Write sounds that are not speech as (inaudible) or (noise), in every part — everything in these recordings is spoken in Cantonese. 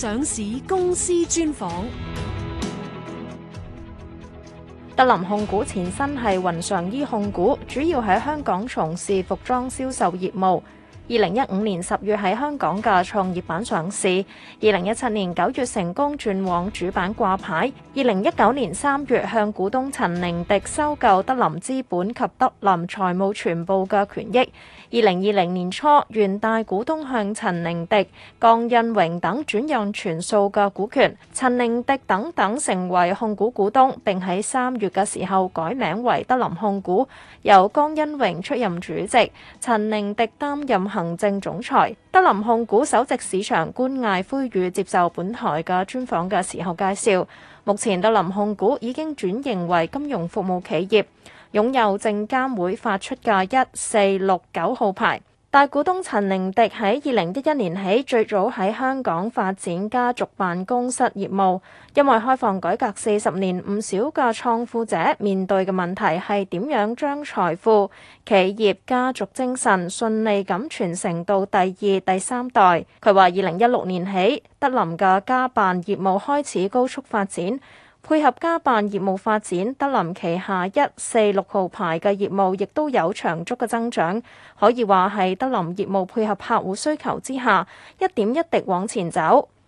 上市公司專訪。德林控股前身係雲裳衣控股，主要喺香港從事服裝銷售業務。二零一五年十月喺香港嘅創業板上市，二零一七年九月成功轉往主板掛牌，二零一九年三月向股東陳寧迪收購德林資本及德林財務全部嘅權益，二零二零年初原大股東向陳寧迪、江欣榮等轉讓全數嘅股權，陳寧迪等等成為控股股東，並喺三月嘅時候改名為德林控股，由江欣榮出任主席，陳寧迪擔任行行政總裁。德林控股首席市場官艾奎宇接受本台嘅專訪嘅時候介紹，目前德林控股已經轉型為金融服務企業，擁有證監會發出嘅一四六九號牌。大股東陳寧迪喺二零一一年起，最早喺香港發展家族辦公室業務。因為開放改革四十年，唔少嘅創富者面對嘅問題係點樣將財富、企業、家族精神順利咁傳承到第二、第三代。佢話：二零一六年起，德林嘅家辦業務開始高速發展。配合家辦業務發展，德林旗下一四六號牌嘅業務亦都有長足嘅增長，可以話係德林業務配合客戶需求之下，一點一滴往前走。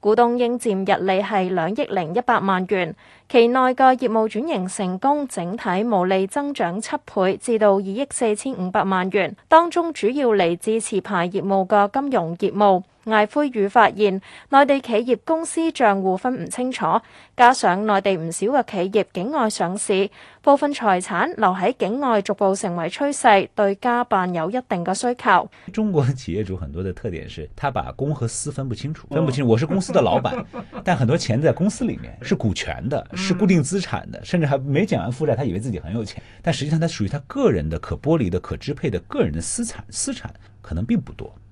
股東應占溢利係兩億零一百萬元，期內嘅業務轉型成功，整體毛利增長七倍至到二億四千五百萬元，當中主要嚟自持牌業務嘅金融業務。艾奎宇發現，內地企業公司賬戶分唔清楚，加上內地唔少嘅企業境外上市，部分財產留喺境外逐步成為趨勢，對家辦有一定嘅需求。中國企業主很多嘅特點是，他把公和私分不清楚，分不清。我是公司的老闆， (laughs) 但很多錢在公司裡面，是股權的，是固定資產的、嗯，甚至還沒減完負債，他以為自己很有錢，但實際上他屬於他個人的可剝離的、可支配的個人的私產，私產可能並不多。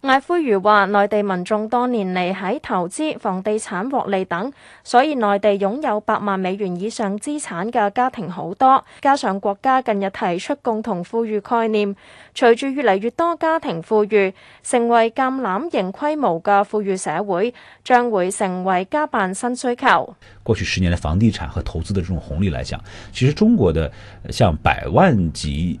艾奎宇話：內地民眾多年嚟喺投資房地產獲利等，所以內地擁有百萬美元以上資產嘅家庭好多。加上國家近日提出共同富裕概念，隨住越嚟越多家庭富裕，成為橄欖型規模嘅富裕社會，將會成為家辦新需求。過去十年嘅房地產和投資嘅這種紅利來講，其實中國的像百萬級。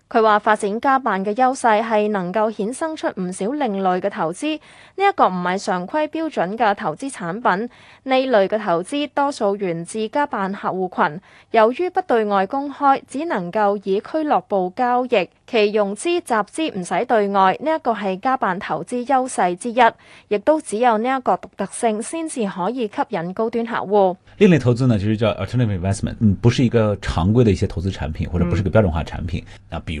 佢話發展家辦嘅優勢係能夠衍生出唔少另類嘅投資，呢一個唔係常規標準嘅投資產品。呢類嘅投資多數源自家辦客戶群，由於不對外公開，只能夠以俱樂部交易，其融資集資唔使對外。呢一個係家辦投資優勢之一，亦都只有呢一個獨特性先至可以吸引高端客戶。另類投資呢，其實叫 alternative investment，嗯，不是一個常規嘅一些投資產品，或者不是個標準化產品。啊，比如。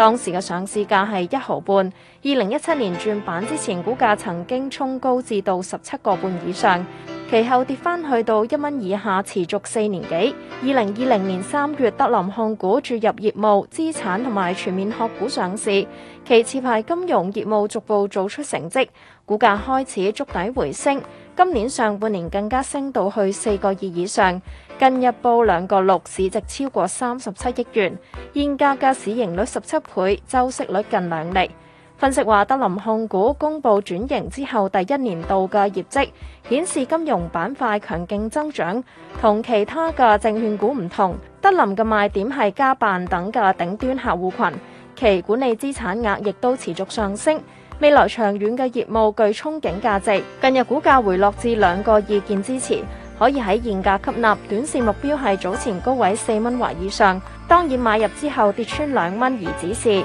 當時嘅上市價係一毫半，二零一七年轉板之前，股價曾經衝高至到十七個半以上。其後跌翻去到一蚊以下，持續四年幾。二零二零年三月，德林控股注入業務資產同埋全面殼股上市。其次派金融業務逐步做出成績，股價開始築底回升。今年上半年更加升到去四個億以上，近日報兩個六，市值超過三十七億元，現價格市盈率十七倍，周息率近兩厘。分析話，德林控股公布轉型之後第一年度嘅業績，顯示金融板塊強勁增長，同其他嘅證券股唔同。德林嘅賣點係家辦等嘅頂端客戶群，其管理資產額亦都持續上升，未來長遠嘅業務具憧憬價值。近日股價回落至兩個意見支持，可以喺現價吸納。短線目標係早前高位四蚊或以上。當然買入之後跌穿兩蚊而止蝕。